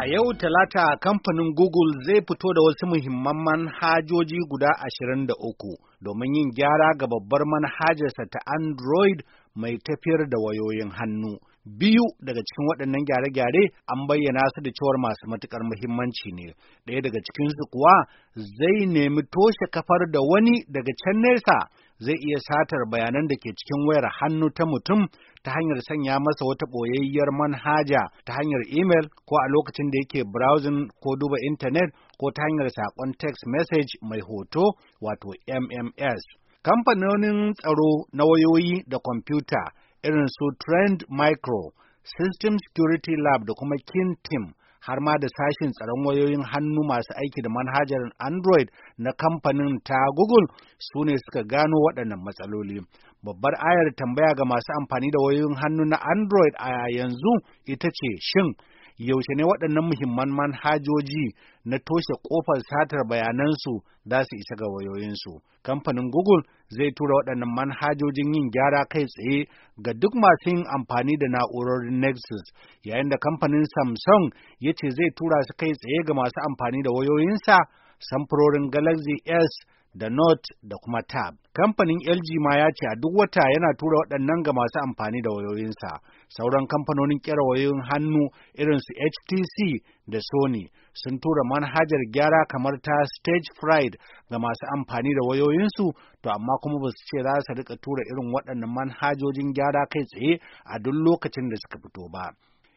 A yau Talata kamfanin Google zai fito da wasu muhimman manhajoji guda ashirin da uku domin yin gyara ga babbar manhajarsa ta Android mai tafiyar da wayoyin hannu. Biyu daga cikin waɗannan gyare-gyare an bayyana su da cewar masu matuƙar muhimmanci ne, ɗaya daga cikinsu kuwa zai nemi toshe kafar da wani daga can nesa zai iya satar bayanan da ke cikin wayar hannu ta mutum ta hanyar sanya masa wata ɓoyayyiyar manhaja ta hanyar email ko a lokacin da yake browsing ko duba intanet ko ta hanyar saƙon text message mai hoto wato MMS. Kamfanonin tsaro na wayoyi da kwamfuta irin su Trend Micro, System Security Lab da kuma Kin Team har ma da sashin tsaron wayoyin hannu masu aiki da manhajar Android na kamfanin ta Google su ne suka gano waɗannan matsaloli. Babbar ayar tambaya ga masu amfani da wayoyin hannu na Android a yanzu ita ce shin yaushe ne waɗannan muhimman manhajoji na toshe ƙofar satar bayanansu za su isa ga wayoyinsu. Kamfanin Google zai tura waɗannan manhajojin yin gyara kai tsaye ga duk masu yin amfani da na'urorin Nexus, yayin da kamfanin Samsung ya ce zai tura su kai tsaye ga masu amfani da wayoyinsa samfurorin Galaxy S da Note da kuma Tab. Kamfanin LG ma ya ce a duk wata yana tura waɗannan ga masu amfani da wayoyinsa. Sauran kamfanonin kera wayoyin hannu irin su HTC da Sony sun tura manhajar gyara kamar ta Stage Fried ga masu amfani da wayoyinsu, to amma kuma ba su ce za su rika tura irin waɗannan manhajojin gyara kai tsaye a duk lokacin da suka fito ba.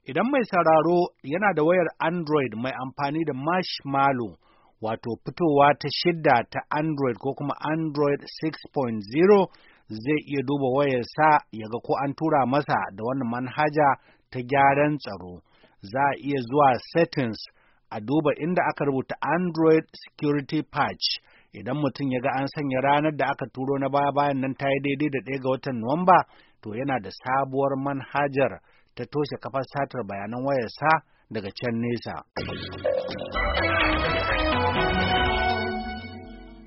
Idan mai sauraro yana da wayar Android mai amfani da Marshmallow wato fitowa ta shidda ta Android ko kuma Android 6.0 zai iya duba wayarsa ya ga ko an tura masa da wannan manhaja ta gyaran tsaro. Za a iya zuwa settings a duba inda aka rubuta Android Security Patch. Idan mutum ya ga an sanya ranar da aka turo na baya bayan nan ta yi daidai da ɗaya ga watan Nuwamba, to yana da sabuwar manhajar ta toshe kafar satar bayanan wayarsa daga can nesa.